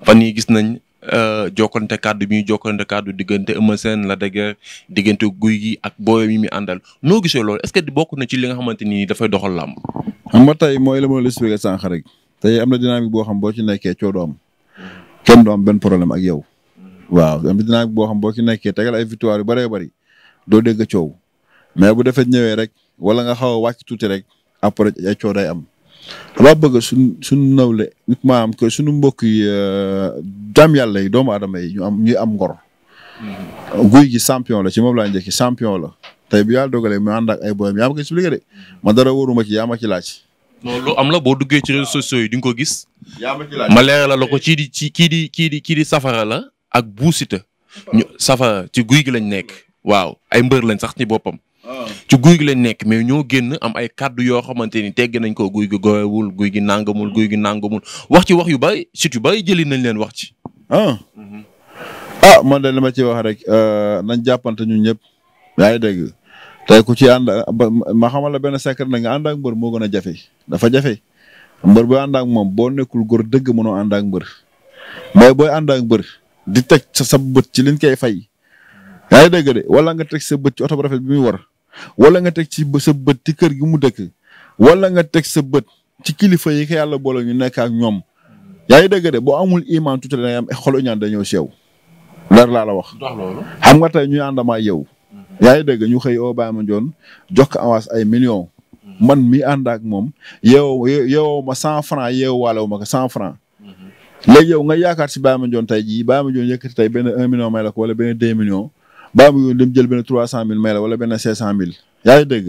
fan yi gis nañ euh, jokkante kàddu bi ñuy jokkante kàddu diggante Eumeu Sène la dëgg diggante guy gi ak boo yi muy àndal noo gisee lool est-ce que bokk na ci li nga xamante ni dafay doxal làmb. am nga tey mooy la ma la expliqué rek te am na bi boo xam boo ci nekkee coow du am kenn du am benn problème ak yow waaw am na dynamique boo xam boo ci nekkee tegal ay victoire yu bëree bëri doo dégg coow. mais bu defee ñëwee rek wala nga xaw a wàcc tuuti rek après ay coow day am dama bëgg suñ suñu nawle maanaam que suñu mbokk yi euh, jaam yàlla yi doomu adama yi ñu am ñuy am ngor hmm. guy gi champion la ci moom laa njëkki sampion la te bu yàlla dogalee mu ànd ay boyam yaa ma ko expliqué de ma dara waruma ci yaa ma ci laaj non am la boo duggee ci réseaux sociaux yi di nga ko gis yaa ma ci laaj ma la ko ci di ci kii di kii di kii di safara la ak buusita ñu safara ci guy gi lañ nekk waaw ay mbër lañ sax ci boppam Ah. ci guy gi lañ nekk mais ñoo génn am ay kàddu yoo xamante ni tegg nañ ko guy gi gooyewul guy gi nangamul guy gi nangamul wax ci wax yu bari surtout bari jëli nañ leen wax ci. ah. Mhm. ah man de li ma ci wax rek euh, nañ jàppante ñun ñëpp. yaa ngi dégg tey ku ci ànd ma xamal la benn secret na nga ànd ak mbër moo gën a jafe dafa jafe mbër booy ànd ak moom boo nekkul góor dëgg mënoo ànd ak mbër mais booy ànd ak mbër di teg sa sa bët ci liñ koy fay. yaa ngi dégg de wala nga teg sa bët ci oto war. wala nga teg ci sa bët ci kër gi mu dëkk wala nga teg sa bët ci kilifa yi ko yàlla boole ñu nekk ak ñoom yaa ngi dëgg de boo amul iman tuuti da ngay am xolu ñaan dañoo sew dara laa la wax. xam nga tey ñuy àndama yow. Mm-hmm. yaa ngi dëgg ñu xëy oo ma joon jox ko avance ay million mm-hmm. man mi ànd ak moom yeewoo yeewoo ma cent franc yeewaalewu ma ko cent franc. Mm-hmm. léegi yow nga yaakaar si ma Mandione tey jii Baye Mandione yëkkati tey benn un million may la ko wala benn deux millions. baa mu dem jël benn trois cent mille may wala benn cinq cent mil yaa ngi dégg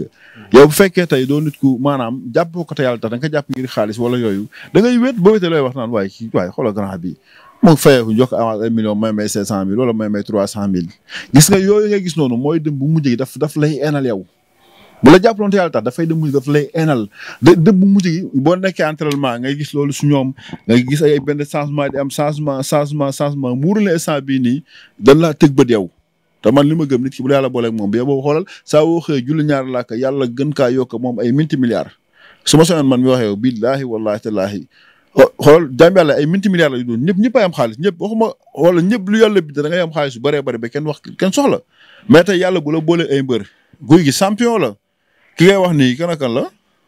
yow bu fekkee tey doo nit ku maanaam jàppoo ko te yàlla tax da nga ko jàpp ngir xaalis wala yooyu da ngay wét boo wétee looy wax naan waaye kii waaye xoolal grand bi mu fayeeku jox ko avance ay million may may cinq cent mille wala may may gis nga yooyu nga gis noonu mooy dem bu mujj gi daf daf lay enal yow bu la jàppaloon te yàlla tax dafay dem mujj daf lay enal de dem bu mujj gi boo nekkee entraînement ngay gis loolu su ñoom ngay gis ay benn changement di am changement changement changement muuru la instant bii nii dañ laa tëg bët yow te man li ma gëm nit ki bu yàlla booleeg moom bi boobu xoolal saa woo xëy julli ñaar làkk yàlla gën kaa yokk moom ay minti milliards su ma sonoon man mi waxee billaahi wallaahi tallaahi xool jaam yàlla ay minti milliards la ñu doon ñëpp ñëpp am xaalis ñëpp waxuma wala ñëpp lu na bind da am xaalis yu bëree bëri ba kenn wax kenn soxla mais tey yàlla a la boolee ay mbër guy gi champion la ki ngay wax nii kan la.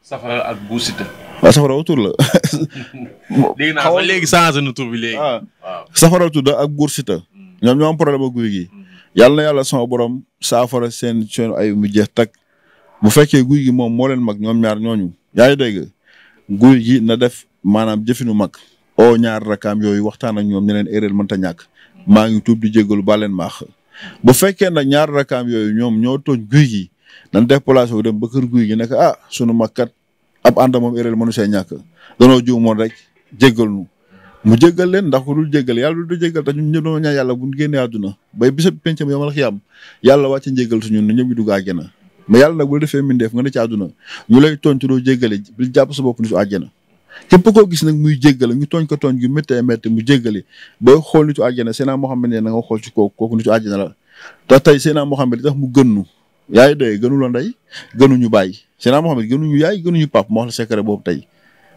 safara ak buusita. Ah, waaw safara tur la. [laughs] dégg naa ba léegi changé na tur bi léegi. Ah. waaw ak buusita. Hmm. ñoom ñoo am problème ak guy gi. Hmm. yàlla na yàlla sama borom saafara seen seen ay mu jeex tak bu fekkee guy gi moom moo leen mag ñoom ñaar ñooñu yaa ngi dégg guy gi na def maanaam jëfinu mag o ñaar rakam yooyu waxtaan ak ñoom ne leen erreur mënta ñàkk maa ngi tuub di jégalu ba leen maax bu fekkee nag ñaar rakam yooyu ñoom ñoo tooñ guy gi nan déplacé wu dem ba kër guy gi ne ah sunu mag kat ab ànd moom erreur mënu see ñàkk danoo jiw moon rek jégal mu jéggal leen ndax ku dul jéggal yàlla du jéggal te yàlla bu ñu génnee àdduna bay bisa penc ma suñu ñun ñëpp ñu dugg àjjana mais yàlla nag bu la defee mbindeef nga ne ci àdduna ñu lay tooñ te doo jàpp sa bopp ni képp koo gis nag muy jéggale ñu tooñ ko tooñ gu méttee métti mu jéggale booy xool nitu àjjana moo xam ne na nga xool ci kooku kooku nitu àjjana la te tey Seydina xam li tax mu gënnu yaay doy gënu la ndey gënuñu bàyyi Seydina Muhammad gënuñu yaay gënuñu pap moo wax la secret boobu tey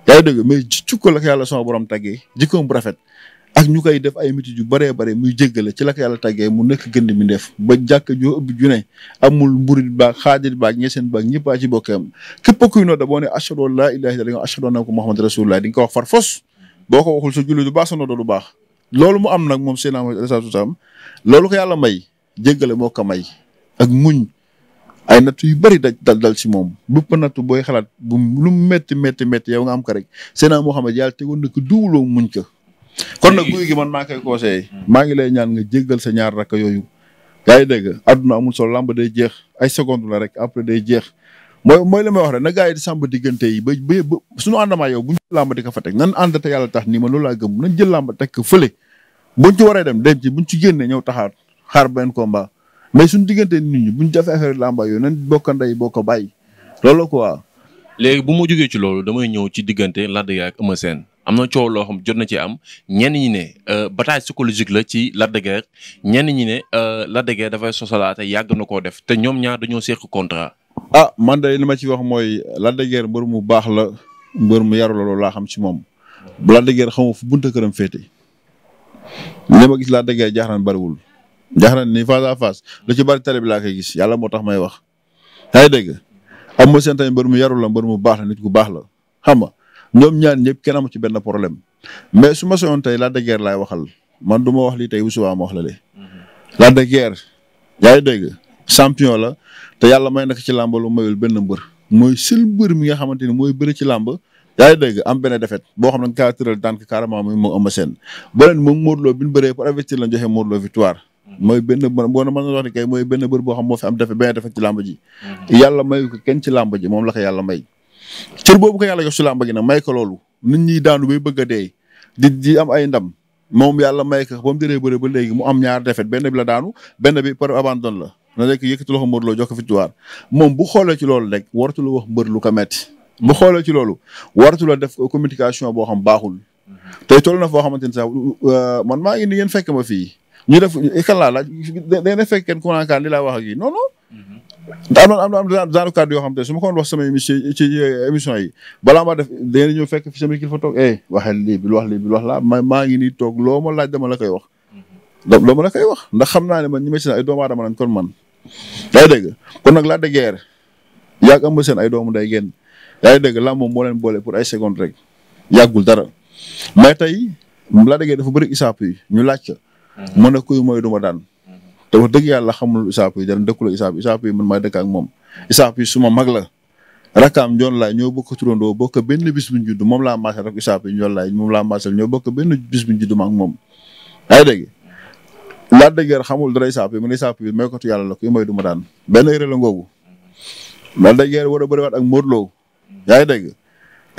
yaa ngi dëgg mais cukko la ko yàlla sama borom tàggee jikkoom bu rafet ak ñu koy def ay métit yu baree bare muy jéggale ci la ko yàlla tàggee mu nekk gën mi def ba jàkk joo ubbi ju ne amul mburit baag xaadir baag ñeseen baag ñëppaa ci bokkam képp kuy noo da boo ne ashhadu an laa ilaaha illallaah ashhadu anna muhammadan rasulullah di nga ko ko waxul sa julli du baax sa noddo du baax mu am nag moom seen alayhi salaatu wa salaam loolu ko yàlla may jéggale moo ko may ak muñ ay natt yu bëri daj dal dal si moom bépp nattu booy xalaat bu lu métti métti métti yow nga am ko rek Seydina Mohamed yàlla tegoon na ko duwuloo muñ ko kon nag guy gi man maa koy conseillé maa ngi lay ñaan nga jéggal sa ñaar rakk yooyu yaa ngi dégg àdduna amul solo làmb day jeex ay seconde la rek après day jeex mooy mooy li may wax rek na gars yi di sàmb diggante yi ba su suñu àndamaa yow bu ñu làmb di ko fa teg nan ànd te yàlla tax nii ma loolu laa gëm nañ jël làmb teg ko fële buñ ci waree dem dem ci ci génnee ñëw taxaat xaar benn combat mais suñu diggante nit ñi buñ def affaire làmba yooyu nañ bokk ndey bokk bàyyi loolu quoi. léegi bu ma jógee ci loolu damay ñëw ci diggante Lac de Guiers ak Eumeu Sène am na coow loo xam jot na ci am ñenn ñi ne euh, bataille psychologique la ci Lac de ñenn ñi ne euh, Lac de Guiers dafay sosalaate yàgg na koo def te ñoom ñaar dañoo seq contrat. ah man de li ma ci wax mooy Lac de Guiers mbër mu baax la mbër mu yaru la loolu laa xam ci moom Lac de Guiers xamoo fu bunta këram féete li ma gis Lac de Guiers jaaxaan bariwul. jaaxle ni face à face lu ci bari télé bi laa koy gis yàlla moo tax may wax. yaa ngi dégg am ma seen tamit mbër mu yarul la mbër mu baax la nit ku baax la xam nga ñoom ñaan ñëpp kenn amu ci benn problème mais su ma soyoon tey Lac de Guiers laay waxal man du ma wax lii tey bu subaa ma wax la lee. Lac de Guiers yaa ngi dégg champion la te yàlla may nak ci làmb lu mayul benn mbër mooy seul mbër mi nga xamante ni mooy bëri ci làmb. yaa ngi dégg am benn defet boo xam ne kaa tëral daan ko carrément muy mu ëmb seen beneen moom Modou Lo bi ñu bëree pour mooy benn boo mën na wax ni kay mooy benn bër boo xam moo fi am dafa benn dafa ci làmb ji mm-hmm. yàlla mayu ko kenn ci làmb ji moom la ko yàlla may cër boobu ko ci làmb ko loolu nit ñi daanu bay a dee di di am ay ndam moom yàlla may ko ba mu dëree bëre ba léegi mu am ñaar defet benn bi la daanu benn bi par abandon la na nekk yëkkati loxo mbër loo jox ko victoire moom bu xoolee ci loolu rek waratu la wax mbër lu ko metti bu xoolee ci loolu waratu la def communication boo xam baaxul mm-hmm. tey toll na foo xamante ni sax euh, man maa ngi ni ngeen fekk ma fii ñu def kan laa laaj da nga fekk kenn ku naan li laa wax non non. am na am na genre yoo xam te su ma ko wax sama émission ci émission yi balaa maa def da ngeen ñëw fekk fi sama kilifa toog eh waxee lii wax lii maa ngi nii toog loo ma laaj dama la koy wax. loo ma koy wax ndax xam naa ne man ñi ma ci ay doomu aadama lañ kon man. yaa ngi dégg kon nag laaj de guerre yàgg am seen ay doom day génn yaa ngi dégg làmb moom moo leen boole pour ay seconde rek yàggul dara mais tey laaj de guerre dafa bëri isaap yi ñu laaj Mm-hmm. man a kuy mooy du ma daan. Mm-hmm. te wax dëgg yàlla xamul isaap yi dara dëkkula isaap isaap yi man maa dëkk ak moom mm-hmm. isaap yi suma mag la rakkaam njoon laay ñoo bokk turandoo bokk benn bis bu ñu moom laa maasal rek isaap yi njoon laay moom laa maasal ñoo bokk benn bis bu ñu judd ma ak moom yaa dégg laa dëggeer xamul dara isaap yi man isaap yi may kotu yàlla la kuy mooy du ma daan benn yëre la ngoogu laa dëggeer war a ak Modou Lo yaa dégg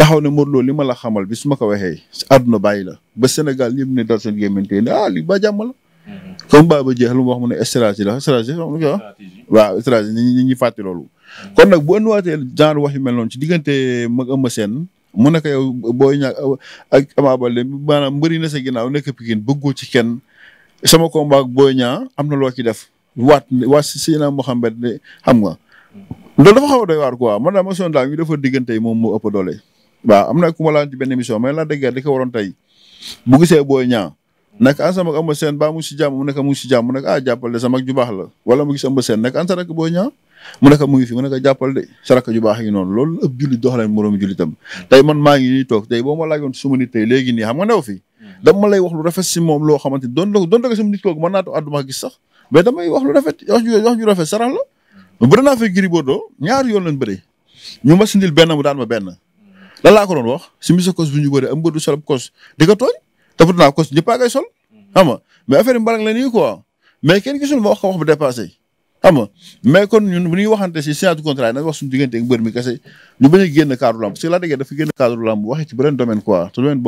taxaw ne Modou Lo li ma la xamal bi su ma ko waxee àdduna bàyyi la ba Sénégal yëpp ne dal seen gémmante ne ah li ba jàmm la. Mhm. comme ba ba jeex lu mu wax mu ne stratégie la stratégie xam nga waaw ñi ñi fàtte loolu. Mhm. kon nag bu ënduwaatee genre wax yu mel noonu ci diggante mag Eumeu Sène mu nekk yow booy ñàkk ak Ama Baldé maanaam mbëri na sa ginnaaw nekk Pikine bëggoo ci kenn sama combat ak booy ñaa am na loo ci def waat waat si Seydina Mohamed ne xam nga. Mhm. loolu dafa xaw a waar quoi man a ma sonn daal ñu dafa diggante moom moo ëpp doole. waaw am na ku ma laan ci benn émission mais Lac de Guiers li ko waroon tey bu gisee Boy Niang nag ansama am seen ba mu si jàmm mu nekk mu si ah, sama ju baax la mu seen ngi fi mu nekk jàppal de saraka ju baax yi noonu loolu ëpp julli doxaleen moroomi jullitam tey man ngi toog tey boo ma laajoon léegi nii xam nga new fi dama lay wax lu rafet si moom loo xamante ni doon la doon la sama nit kooku mën naa toog àdduma gis sax mais damay wax lu rafet sarax la bëri naa fay Gris Bordeaux ñaar yoon lañ bëri ñu ma sindil benn mu daan ma benn lan laa ko doon wax si mise kos bu ñu bëri am mbër sol ab kos di ko tooñ dafa naa kos ñëpp a sol xam nga mais affaire la nii quoi mais kenn gisul ma wax ko wax bu dépassé xam nga kon ñun bu ñuy waxante si signature contrat nañ wax suñu diggante ak mbër mi kese ñu bañ a génn cadre lamb parce que laa déggee dafa génn cadre lamb waxee ci beneen domaine quoi te domaine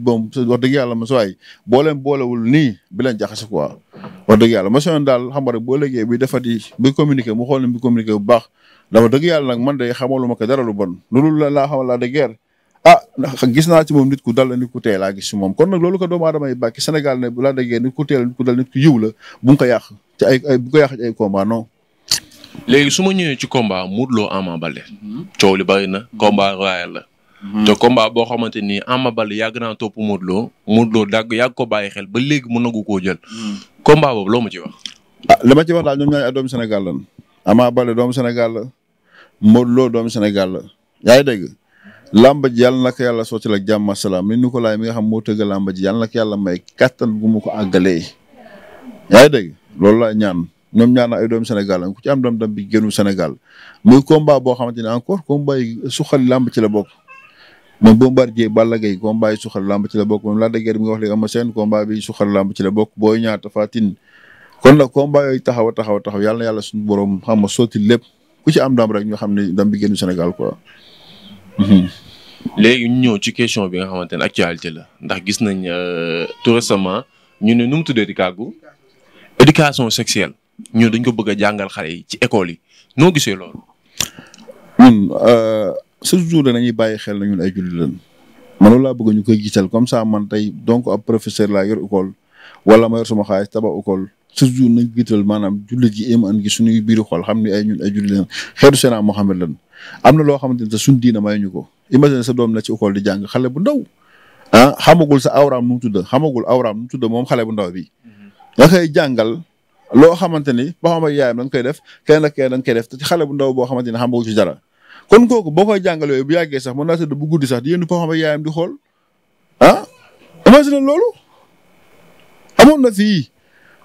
wax dëgg yàlla ma suwaay boo leen daal xam nga rek boo léegee defati buy communiqué mu xool ne bi communiqué bu baax dama dëgg yàlla nag man de xamaluma ko dara lu bon loolu la laa xamal laa a guerre ah gis naa ci moom nit ku dal la nit ku teel laa gis si moom kon nag loolu doom doomu aadama yi bàkki Sénégal ne laa de guerre nit ku teel nit ku yiw la bu nga ko yàq ci ay ay ci ay combat non. léegi su ma ñëwee ci combat Modou Lo Ama Baldé coow li bari na combat royal la. te boo xamante ni Ama Baldé yàgg naa top Modou Lo Modou Lo dàgg yàgg ko bàyyi xel ba léegi mu nagu koo jël. Hmm. combat boobu loo ma ci wax. ah li ma ci wax daal ñoom ñaari doomu Sénégal lan Ama Baldé doomu Sénégal la Modou Lo doomu Sénégal la yaa ngi dégg làmba ji yàlla na ko yàlla sottil ak jàmm salaam ni Nicolas mi nga xam moo tëgg làmba ji yàlla nak ko yàlla may kattan gu mu ko àggalee yaa ngi dégg loolu laa ñaan ñoom ñaan ay doomu senegal la ku ci am doom dam bi génnu Sénégal muy combat boo xamante ne encore combat bay suxali làmb ci la bokk moom Bombardier Balla Gaye combat yi suxali làmb ci la bokk moom Lac de Guiers mi nga wax ci la bokk Boy Niang Tapha kon la combat yooyu taxaw a taxaw taxaw yàlla na yàlla suñu borom xam nga sotti lépp ku ci am ndam rek ñoo xam ne ndam bi génn Sénégal quoi. Mhm. léegi ñu ñëw ci question bi nga xamante ne actualité la ndax gis nañ euh, tout récemment ñu ne nu mu tuddee di kàggu éducation sexuelle ñoo dañ ko bëgg a jàngal xale yi ci école yi noo gisee loolu. ñun surtout euh, dañuy bàyyi xel na ñun ay jullit lañ man loolu laa bëgg ñu koy gisal comme ça man tey donc ab professeur laa yor école. wala ma yor sama xaalis tabax école toujours nañ gital maanaam jullit ji iman gi suñuy biiru xool xam ne ay ñun ay jullit lañ xeetu seen Muhammad am na loo xamante ne suñ diina may ñu ko imagine sa doom na ci école di jàng xale bu ndaw ah xamagul sa awraam nu mu tudd xamagul awraam nu mu tudd moom xale bu ndaw bi mm-hmm. nga koy jàngal loo xamante ni ba xam ak yaayam da koy def kenn ak koy def te xale bu ndaw boo xamante ni xamagul ci dara kon kooku boo koy jàngal yooyu bu yàggee sax mën naa tëdd bu guddi sax di yéen di ko xam ak yaayam di xool ah imagine loolu amoon na fii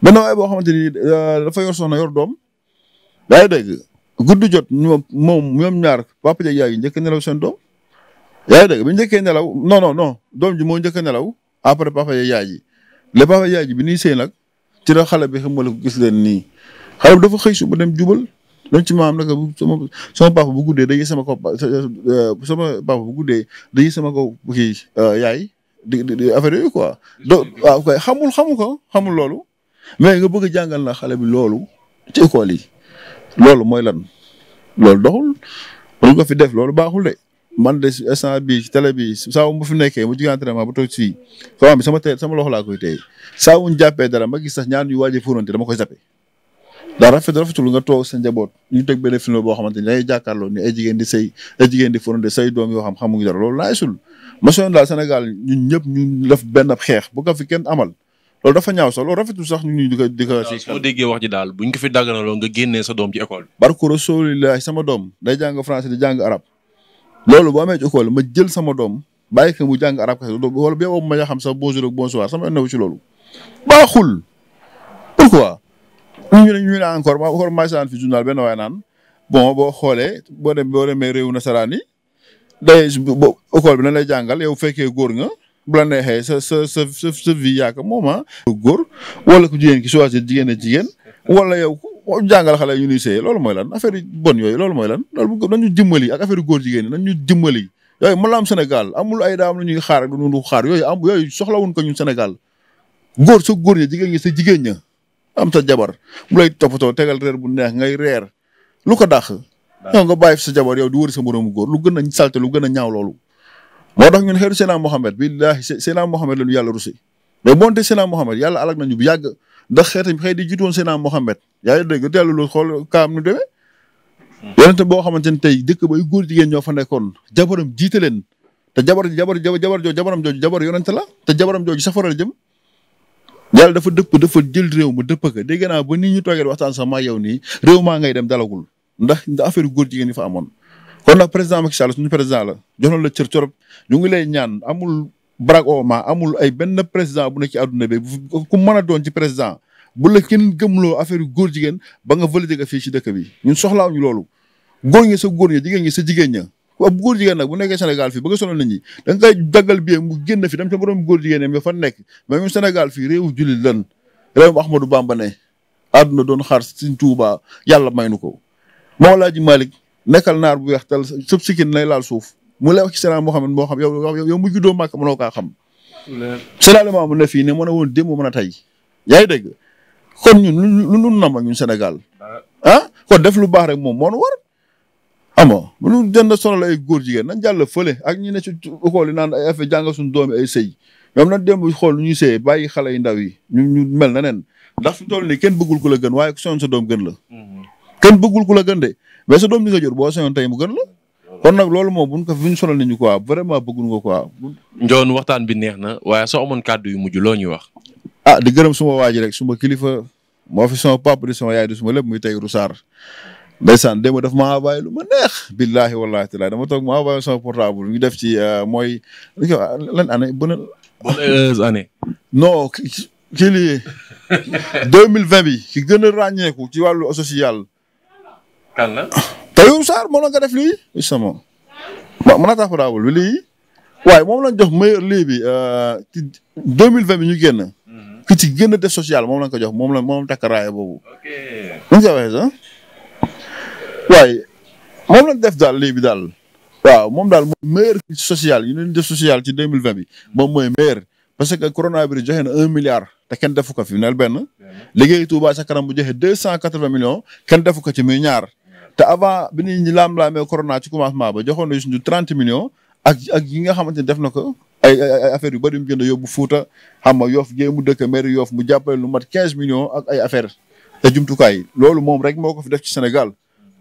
benn waay boo xamante ni euh, dafa yor soxna yor doom yaa ngi dégg guddi jot ñoom moom ñoom ñaar papa jeeg yaay yi njëkk nelaw seen doom yaa ngi dégg bi njëkkee nelaw non non non doom ji moo njëkk nelaw après papa jeeg yaay ji le papa jeeg yaay ji bi nii sëy nag ci la xale bi xam nga gis leen nii xale bi dafa xëy su dem jubal loolu ci maam nag sama sama papa bu guddee day sama kaw euh, sama papa bu guddee day sama kaw kii euh, yaay. di di affaire yooyu quoi. donc waaw kay xamul xamu ko xamul loolu. mais nga bëgg a na xale bi loolu ci école yi loolu mooy lan loolu doxul lu ko fi def loolu baaxul de man de instant bi ci télé bi saa wu ma fi nekkee mu jugee entraînement ba toog fii xaw bi sama tey sama loxo laa koy téye saa wu ñu jàppee dara ma gis sax ñaar ñu waaj a koy zappe. daa rafet rafetul nga toog sa njaboot ñu teg benn film boo xamante ni dañuy jàkkaarloo ni ay jigéen di sëy ay jigéen di fóonante say doom yoo xam xamuñu dara loolu naa sul motion daal Sénégal ñun ñëpp ñu def benn xeex bu ka fi kenn amal loolu dafa ñaaw sax loolu rafetul sax ñu di ko di ko. déggee wax ji daal buñ ko fi dagganaloo nga génnee sa doom ci école bi. barke Rasulillahi sama doom day jàng français di jàng arab loolu boo amee ci école ma jël sama doom bàyyi ko mu jàng arab kese wala ma nga xam sax bonjour ak bonsoir sama newu ci loolu baaxul pourquoi. ñu ne ñu ne encore ma encore maa ngi fi journal benn waaye naan bon boo xoolee boo dem boo demee réewu nasaraan yi day école bi na lay jàngal yow fekkee góor nga bu la neexee sa sa sa sa sa vie yaa moom ah. góor wala ku jigéen ki choisir jigéen a jigéen wala yow jàngal xale yu ñuy seey loolu mooy lan affaire yu bon yooyu loolu mooy lan loolu ñu dimbali ak affaire yu góor jigéen ñi nañu dimbali. yooyu mën la am Sénégal amul ay daam la ñuy xaar ak du xaar yooyu am yooyu soxlawuñ ko ñun Sénégal góor sa góor ña jigéen ngi sa jigéen ña am sa jabar mu lay toppatoo tegal reer bu neex ngay reer lu ko dàq yow nga bàyyi fi sa jabar yow di wër sa moroomu góor lu gën a salte lu gën a ñaaw loolu moo tax ñun xeetu Seydina Mohamed billaahi Seydina Mohamed la ñu yàlla rusi mais bonte Seydina Mohamed yàlla alak nañu bu yàgg ndax xeetam xëy di jiitoon Seydina yaa ngi dégg dellu lu xool kaam nu demee hmm. yonente boo xamante ne tey dëkk bay góor jigéen ñoo fa nekkoon jabaram jiite leen te jabar jabar jabar jooju jabaram jooju jabar yonente la te jabaram jooju safara la jëm yàlla dafa dëpp dafa jël réew mu dëpp ka dégg naa ba ni ñu toogee waxtaan sax maa yow nii réew maa ngay dem dalagul ndax ndax affaire góor jigéen yi fa amoon kon nag président Macky Sall suñu président la jox na la cër torop ñu ngi lay ñaan amul brak ma amul ay benn président bu nekk ci àdduna bi ku mën a doon ci président bu la kenn gëmloo affaire góor jigéen ba nga valider a fii si dëkk bi ñun soxla ñu loolu góor ñi sa góor ñi jigéen ñi sa jigéen ña ab góor jigéen nag bu nekkee Sénégal fii ba nga sonal nit ñi da nga koy daggal bi mu génn fi dem ca borom góor jigéen ñam fa nekk mais ñun Sénégal fii réewu jullit lan réewum Ahmadou Bamba ne àdduna doon xaar Sëriñ Tuubaa yàlla may nu ko moo laa ji Malick nekkal naar bu weex tal sëb sikkin lay laal suuf mu lay wax ci Seydina Muhammad moo xam yow yow mu juddoo Màkka mënoo kaa xam. Seydina Limaamu ne fii ne mën a woon démb mën a tey yaa ngi dégg kon ñun lu lu nam ak ñun Sénégal ah. ah kon def lu baax rek moom moo nu war ama lu dënd sonal lay góor jigéen nañ jàll fële ak ñi ne ci école yi naan ay affaire jàngal suñu doomi ay sëy ñoom nag démb xool lu ñuy sëy bàyyi xale yu ndaw yi ñu ñu mel na nen ndax suñu toll nii kenn bëggul ko la gën waaye ku soon doom gën la hmm. kenn bëggul ku la gën de mais sa doom li nga jur boo sañoon tey mu gën la. kon nag loolu moom buñ fi ñu sonal nañu quoi vraiment bëggul nga quoi. Njoon waxtaan bi neex na waaye soo amoon kaddu yu mujj loo ñuy wax. ah di gërëm suma waa ji rek suma kilifa moo fi sama papa di sama yaay di suma lépp muy tey Roussard ndeysaan démb daf ma envoyé lu ma neex billahi wallahi taala dama toog ma envoyé sama portable ñu def ci euh, mooy li ko lan année bu na. bonne année. non kii lii 2020 bi ki gën a ràññeeku ci wàllu social kan la. Tayoub Sarr moo doon ko def lii. justement ma mën a tax raawul bi lii waaye moom lañ jox meilleur lii bi euh, ci deux mille vingt bi ñu génn. Mhm. ki ci génn def sociale moom lañ ko jox moom la moom takk boobu. ok nu ñu koy waxee sax waaye moom lañ def daal lii bi daal. waaw moom daal mooy meilleur social yi ñu def social ci deux mille vingt bi moom mooy meilleur parce que coronavirus joxe na un milliard te kenn defu ko fi neel benn. liggéey Touba sa kanam bu joxe deux cent quatre vingt millions kenn defu ko ci muy ñaar. te avant bi ñu laam-laamee corona ci commencement ba joxoon na Youssou Ndour trente millions ak ak yi nga xamante ne def na ko ay ay affaires yu bëri mu jënd yóbbu Fuuta xam ma Yoof gée mu dëkk maire mu jàppale lu mat quinze millions ak ay affaire te jumtukaay yi loolu moom rek moo ko fi def ci Sénégal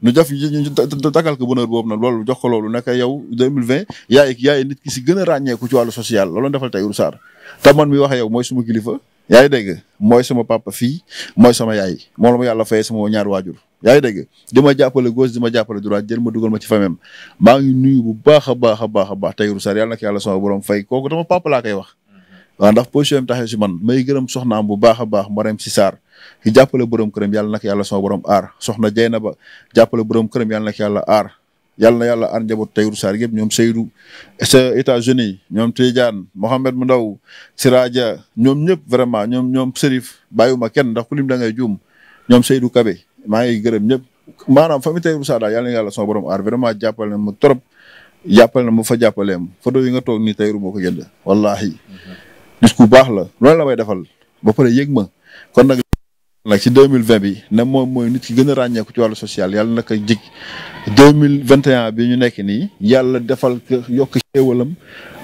nu def ñu takkal ko bonheur boobu nag loolu jox ko loolu nekk yow 2020 yaay yaay nit ki si gën a ràññeeku ci wàllu social loolu defal tey Sarr te man mi wax yow mooy suma kilifa yaa ngi dégg mooy sama papa fi mooy sama yaay moom la ma yàlla sama ñaar waajur yaa ngi dégg di ma jàppale gauche di ma jàppale droite jël ma dugal ma ci famem maa ngi nuyu bu baax a baax a baax a baax Tahirou Sarr yàlla na ko yàlla sama borom fay kooku dama papa laa koy wax mhm. waaw ndax position bi taxee si man may gërëm soxnaam bu baax a baax Marème si saar ki jàppale borom këram yàlla na ko yàlla sama borom aar soxna Jeynaba jàppale borom këram yàlla na ko yàlla aar yàlla na yàlla aar njaboot Tahirou Sarr yëpp ñoom Seydou sa États-Unis ñoom Tidiane Mohamed mu ndaw Siraja ñoom ñëpp vraiment ñoom ñoom Serif bàyyiwuma kenn ndax ku lim da ngay juum ñoom Seydou Kabe maa ngi gërëm ñëpp maanaam famille Taïba Moussa daal yàlla na yàlla sama borom aar vraiment jàppale na ma trop jàppale na ma fa jàppalee ma photo yi nga toog ni Taïru moo ko jënd wallaahi. discours mhm. baax la loolu la may defal ba pare yëg ma kon nag nag ci deux mille vingt bi ne moom mooy nit ki gën a ràññeeku ci wàllu social yàlla na ko jig deux mille vingt et un bi ñu nekk nii yàlla defal ko yokk xéewalam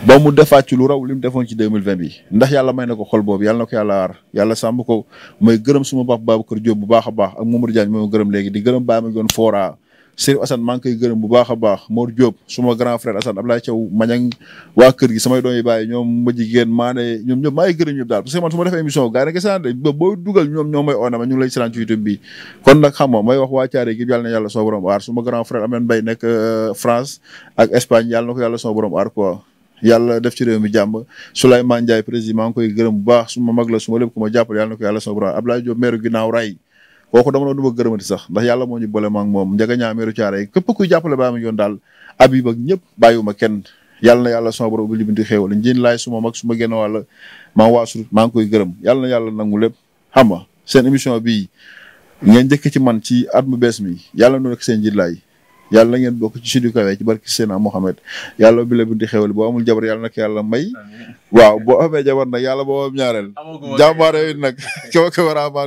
ba mu defaat ci lu raw li mu defoon ci deux mille vingt bi ndax yàlla may na ko xol boobu yàlla na ko yàlla aar yàlla sàmm ko mooy gërëm suma baax Babacar Diop bu baax a baax ak Mamadou Diagne moom gërëm léegi di gërëm bàyyi ma joon foora Serigne Assane maa koy gërëm bu baax a baax Mor Diop suma grand frère Assane Abdoulaye Thiaw Mañang waa kër gi sama doom yi ñoom ma jigéen maa ne ñoom ñoom maa ngi gërëm ba boo dugal ñoom ñoom may oona ma ñu ngi lay seetaan ci YouTube bi kon nag xam nga may wax waa Thiaré gi yàlla na yàlla soo borom aar suma euh, yàlla ko yàlla soo borom aar quoi yàlla def ci réew mi jàmm Souleymane Ndiaye président maa gërëm bu baax suma mag la suma lépp ku ma jàppale yàlla na ko a soo borom Abdoulaye Diop maire ginnaaw ray kooku dama doon du ma gërëmati sax ndax yàlla moo ñu boole ma ak moom njega ñaameeru caare yi képp kuy jàppale baa ma yoon daal abib ak ñëpp bàyyiwuma kenn yàlla na yàlla sama borom ubbi libinti xéewal njin laay suma mag suma genn wàlla maa waasu maa ci man ci at mu bees mi yàlla nu rek seen njiit laay yàlla na ngeen bokk ci suñu kawee ci barki Seydina Mohamed yàlla bi la bunti xewal boo amul jabar yàlla nag yàlla may waaw boo amee jabar nag yàlla boo am ñaareel jàmbaare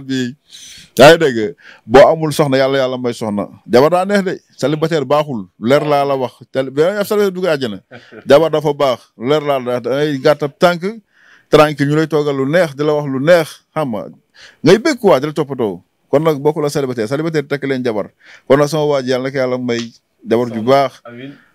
yi [laughs] yaa ngi dégg boo amul soxna yàlla yàlla may soxna jabar daa neex de célibataire baaxul leer laa la wax beneen célibataire dugg àjjana [laughs] jabar dafa baax leer laa la da ngay tànk tranquille ñu lay toogal lu neex di la wax lu neex xam nga ngay bëgg quoi di la toppatoo kon nag bokkul a célibataire célibataire takk leen jabar kon nag sama waa ji yàlla na ko yàlla may jabar ju baax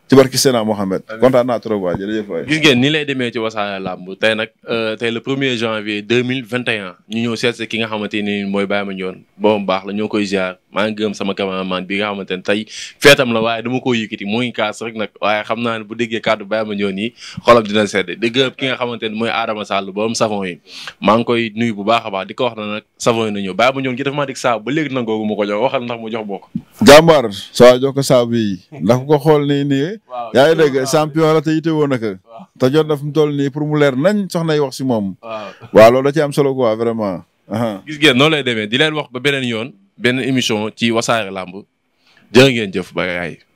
ci barki Sénat Mohamed. kontaan naa trop waay jërëjëf waay. gis ngeen ni lay demee ci wasaare làmb tey nag euh, tey le premier janvier deux mille vingt et un ñu ñëw seet si ki nga xamante ni mooy Baye Mandione boobam baax la ñoo koy ziar maa ngi gërëm sama cameraman bi nga xamante ne tey feetam la waaye dama koo yëkkati mu ngi kaas rek nag waaye xam naa ne bu déggee kàddu bàyyi ma ñoon yi xolam dina sedd di gërëm ki nga xamante ne mooy Adama Sall borom savon yi maa ngi koy nuyu bu baax a baax di ko wax na nag savon na ñëw bàyyi ma ñoon gi dafa maa dik saabu ba léegi nangoogu ma ko jox waxal ndax mu jox bokk jàmbaar saa jox ko saabu yi [laughs] ndax ko xool nii nii yaa ngi dégg champion la te yite woon na ko te jot na fu mu toll nii pour mu leer nañ soxna yi wax si moom waaw loolu da ci am solo quoi vraiment gis ngeen noonu lay demee di leen wax ba beneen yoon benn émission ci wasaare làmb jërë ngeen jëf ba yaay